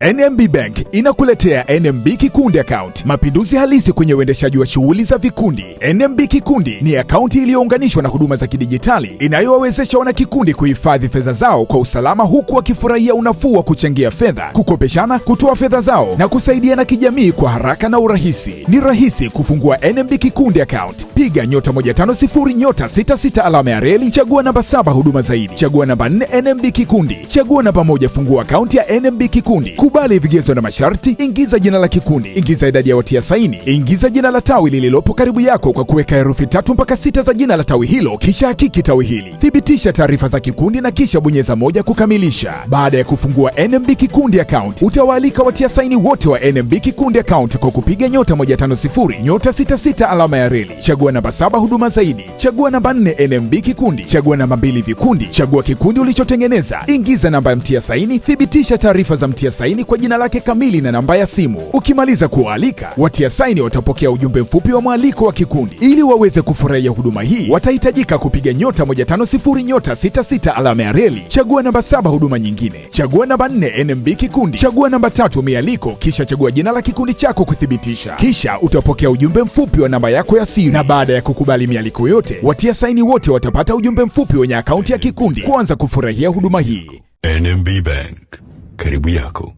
NMB Bank inakuletea NMB Kikundi Account, mapinduzi halisi kwenye uendeshaji wa shughuli za vikundi. NMB Kikundi ni akaunti iliyounganishwa na huduma za kidijitali inayowawezesha wanakikundi kuhifadhi fedha zao kwa usalama, huku wakifurahia unafuu wa kuchangia fedha, kukopeshana, kutoa fedha zao na kusaidia na kijamii kwa haraka na urahisi. Ni rahisi kufungua NMB Kikundi Account. Piga nyota 150 nyota 66 alama ya reli, chagua namba saba, huduma zaidi, chagua namba 4 NMB Kikundi, chagua namba moja, fungua akaunti ya NMB Kikundi. Kubali vigezo na masharti, ingiza jina la kikundi, ingiza idadi ya watia saini, ingiza jina la tawi lililopo karibu yako kwa kuweka herufi tatu mpaka sita za jina la tawi hilo, kisha hakiki tawi hili. Thibitisha taarifa za kikundi na kisha bonyeza moja kukamilisha. Baada ya kufungua NMB Kikundi account, utawaalika watia saini wote wa NMB Kikundi account kwa kupiga nyota 150 nyota 66 alama ya reli. Chagua namba saba huduma zaidi, chagua namba 4 NMB Kikundi, chagua namba mbili vikundi, chagua kikundi ulichotengeneza, ingiza namba ya mtia saini, thibitisha taarifa za mtia saini saini kwa jina lake kamili na namba ya simu. Ukimaliza kuwaalika, watia saini watapokea ujumbe mfupi wa mwaliko wa kikundi. Ili waweze kufurahia huduma hii, watahitajika kupiga nyota 150 nyota 66 alama ya reli, chagua namba saba huduma nyingine, chagua namba 4 NMB kikundi, chagua namba tatu mialiko, kisha chagua jina la kikundi chako kuthibitisha. Kisha utapokea ujumbe mfupi wa namba yako ya siri, na baada ya kukubali mialiko yote, watia saini wote watapata ujumbe mfupi wenye akaunti ya kikundi kuanza kufurahia huduma hii. NMB Bank karibu yako.